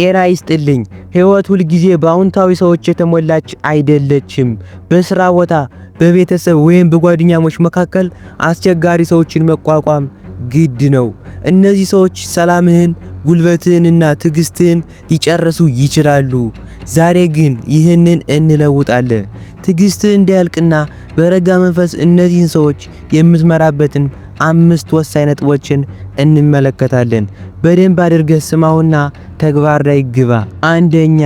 ጤና ይስጥልኝ። ሕይወት ሁልጊዜ በአዎንታዊ ሰዎች የተሞላች አይደለችም። በስራ ቦታ፣ በቤተሰብ ወይም በጓደኛሞች መካከል አስቸጋሪ ሰዎችን መቋቋም ግድ ነው። እነዚህ ሰዎች ሰላምህን፣ ጉልበትህንና ትዕግስትህን ሊጨርሱ ይችላሉ። ዛሬ ግን ይህንን እንለውጣለን። ትዕግስትህ እንዳያልቅና በረጋ መንፈስ እነዚህን ሰዎች የምትመራበትን አምስት ወሳኝ ነጥቦችን እንመለከታለን። በደንብ አድርገህ ስማውና ተግባር ላይ ግባ። አንደኛ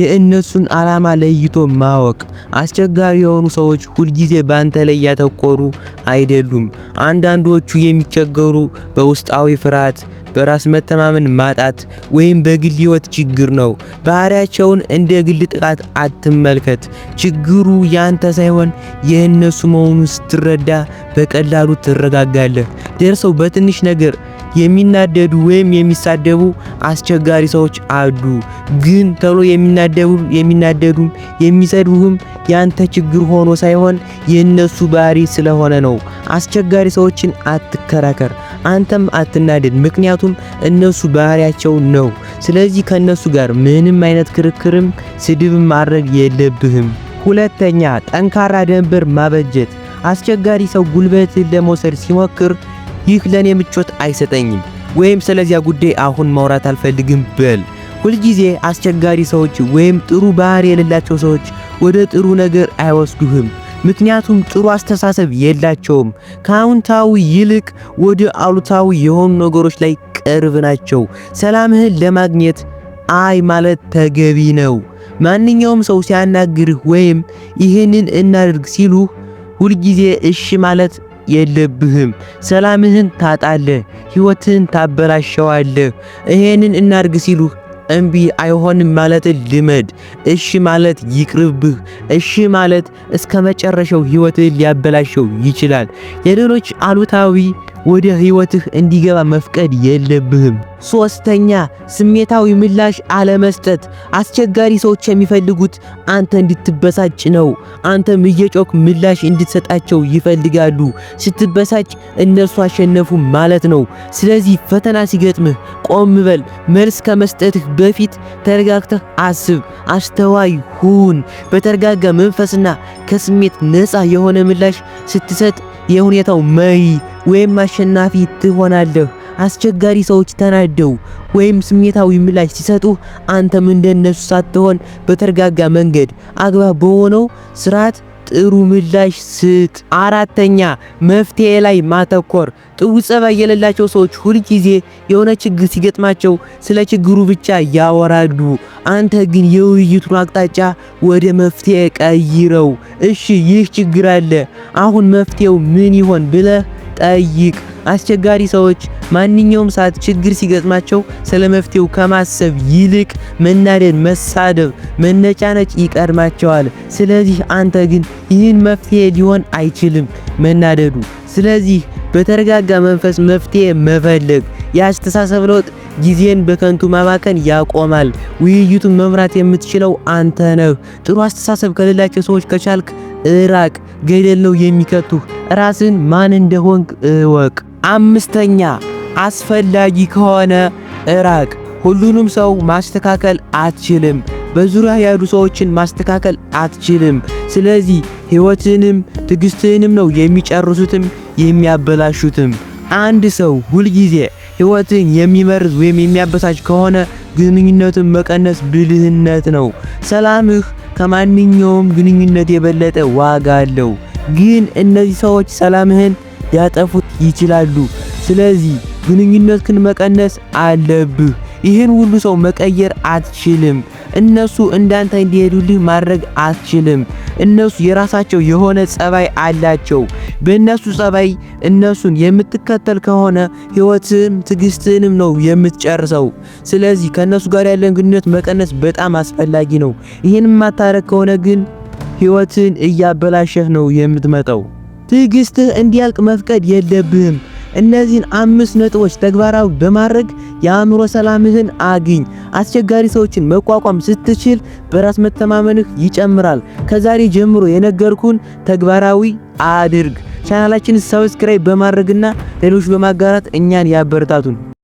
የእነሱን ዓላማ ለይቶ ማወቅ። አስቸጋሪ የሆኑ ሰዎች ሁልጊዜ ባንተ ላይ ያተኮሩ አይደሉም። አንዳንዶቹ የሚቸገሩ በውስጣዊ ፍርሃት በራስ መተማመን ማጣት ወይም በግል ህይወት ችግር ነው። ባህሪያቸውን እንደ ግል ጥቃት አትመልከት። ችግሩ ያንተ ሳይሆን የእነሱ መሆኑን ስትረዳ በቀላሉ ትረጋጋለህ። ደርሰው በትንሽ ነገር የሚናደዱ ወይም የሚሳደቡ አስቸጋሪ ሰዎች አሉ። ግን ተብሎ የሚናደዱ የሚናደዱ የሚሰድቡም ያንተ ችግር ሆኖ ሳይሆን የነሱ ባህሪ ስለሆነ ነው። አስቸጋሪ ሰዎችን አትከራከር፣ አንተም አትናደድ። ምክንያቱም እነሱ ባህሪያቸው ነው። ስለዚህ ከነሱ ጋር ምንም አይነት ክርክርም ስድብም ማድረግ የለብህም። ሁለተኛ ጠንካራ ደንበር ማበጀት። አስቸጋሪ ሰው ጉልበትን ለመውሰድ ሲሞክር ይህ ለእኔ ምቾት አይሰጠኝም ወይም ስለዚያ ጉዳይ አሁን ማውራት አልፈልግም በል። ሁልጊዜ አስቸጋሪ ሰዎች ወይም ጥሩ ባህሪ የሌላቸው ሰዎች ወደ ጥሩ ነገር አይወስዱህም። ምክንያቱም ጥሩ አስተሳሰብ የላቸውም። ከአዎንታዊ ይልቅ ወደ አሉታዊ የሆኑ ነገሮች ላይ ቅርብ ናቸው። ሰላምህን ለማግኘት አይ ማለት ተገቢ ነው። ማንኛውም ሰው ሲያናግርህ ወይም ይህንን እናድርግ ሲሉህ ሁልጊዜ እሺ ማለት የለብህም። ሰላምህን ታጣለህ፣ ሕይወትህን ታበላሸዋለህ። ይሄንን እናርግ ሲሉ እምቢ አይሆንም ማለትን ልመድ። እሺ ማለት ይቅርብህ። እሺ ማለት እስከ መጨረሻው ሕይወትህን ሊያበላሸው ይችላል። የሌሎች አሉታዊ ወደ ህይወትህ እንዲገባ መፍቀድ የለብህም። ሶስተኛ ስሜታዊ ምላሽ አለመስጠት። አስቸጋሪ ሰዎች የሚፈልጉት አንተ እንድትበሳጭ ነው። አንተም እየጮክ ምላሽ እንድትሰጣቸው ይፈልጋሉ። ስትበሳጭ እነርሱ አሸነፉ ማለት ነው። ስለዚህ ፈተና ሲገጥምህ ቆም በል። መልስ ከመስጠትህ በፊት ተረጋግተህ አስብ። አስተዋይ ሁን። በተረጋጋ መንፈስና ከስሜት ነፃ የሆነ ምላሽ ስትሰጥ የሁኔታው መሪ ወይም አሸናፊ ትሆናለህ። አስቸጋሪ ሰዎች ተናደው ወይም ስሜታዊ ምላሽ ሲሰጡ አንተም እንደነሱ ሳትሆን በተረጋጋ መንገድ አግባብ በሆነው ስርዓት ጥሩ ምላሽ ስጥ። አራተኛ መፍትሄ ላይ ማተኮር። ጥሩ ጸባይ የሌላቸው ሰዎች ሁልጊዜ የሆነ ችግር ሲገጥማቸው ስለ ችግሩ ብቻ ያወራሉ። አንተ ግን የውይይቱን አቅጣጫ ወደ መፍትሄ ቀይረው። እሺ ይህ ችግር አለ፣ አሁን መፍትሄው ምን ይሆን ብለህ ጠይቅ። አስቸጋሪ ሰዎች ማንኛውም ሰዓት ችግር ሲገጥማቸው ስለ መፍትሄው ከማሰብ ይልቅ መናደድ፣ መሳደብ፣ መነጫነጭ ይቀድማቸዋል። ስለዚህ አንተ ግን ይህን መፍትሄ ሊሆን አይችልም መናደዱ። ስለዚህ በተረጋጋ መንፈስ መፍትሄ መፈለግ የአስተሳሰብ ለውጥ ጊዜን በከንቱ ማባከን ያቆማል። ውይይቱን መምራት የምትችለው አንተ ነህ። ጥሩ አስተሳሰብ ከሌላቸው ሰዎች ከቻልክ እራቅ። ገደል ነው የሚከቱህ። ራስን ማን እንደሆንክ እወቅ። አምስተኛ አስፈላጊ ከሆነ እራቅ። ሁሉንም ሰው ማስተካከል አትችልም። በዙሪያ ያሉ ሰዎችን ማስተካከል አትችልም። ስለዚህ ሕይወትንም ትዕግስትህንም ነው የሚጨርሱትም የሚያበላሹትም። አንድ ሰው ሁልጊዜ ሕይወትን የሚመርዝ ወይም የሚያበሳጭ ከሆነ ግንኙነትን መቀነስ ብልህነት ነው። ሰላምህ ከማንኛውም ግንኙነት የበለጠ ዋጋ አለው። ግን እነዚህ ሰዎች ሰላምህን ያጠፉት ይችላሉ። ስለዚህ ግንኙነትን መቀነስ አለብህ። ይህን ሁሉ ሰው መቀየር አትችልም። እነሱ እንዳንተ እንዲሄዱልህ ማድረግ አትችልም። እነሱ የራሳቸው የሆነ ጸባይ አላቸው። በእነሱ ጸባይ እነሱን የምትከተል ከሆነ ህይወትም ትግስትንም ነው የምትጨርሰው። ስለዚህ ከእነሱ ጋር ያለን ግንኙነት መቀነስ በጣም አስፈላጊ ነው። ይህን ማታረግ ከሆነ ግን ህይወትን እያበላሸህ ነው የምትመጣው። ትዕግስትህ እንዲያልቅ መፍቀድ የለብህም። እነዚህን አምስት ነጥቦች ተግባራዊ በማድረግ የአእምሮ ሰላምህን አግኝ። አስቸጋሪ ሰዎችን መቋቋም ስትችል በራስ መተማመንህ ይጨምራል። ከዛሬ ጀምሮ የነገርኩን ተግባራዊ አድርግ። ቻናላችን ሰብስክራይብ በማድረግና ሌሎች በማጋራት እኛን ያበረታቱን።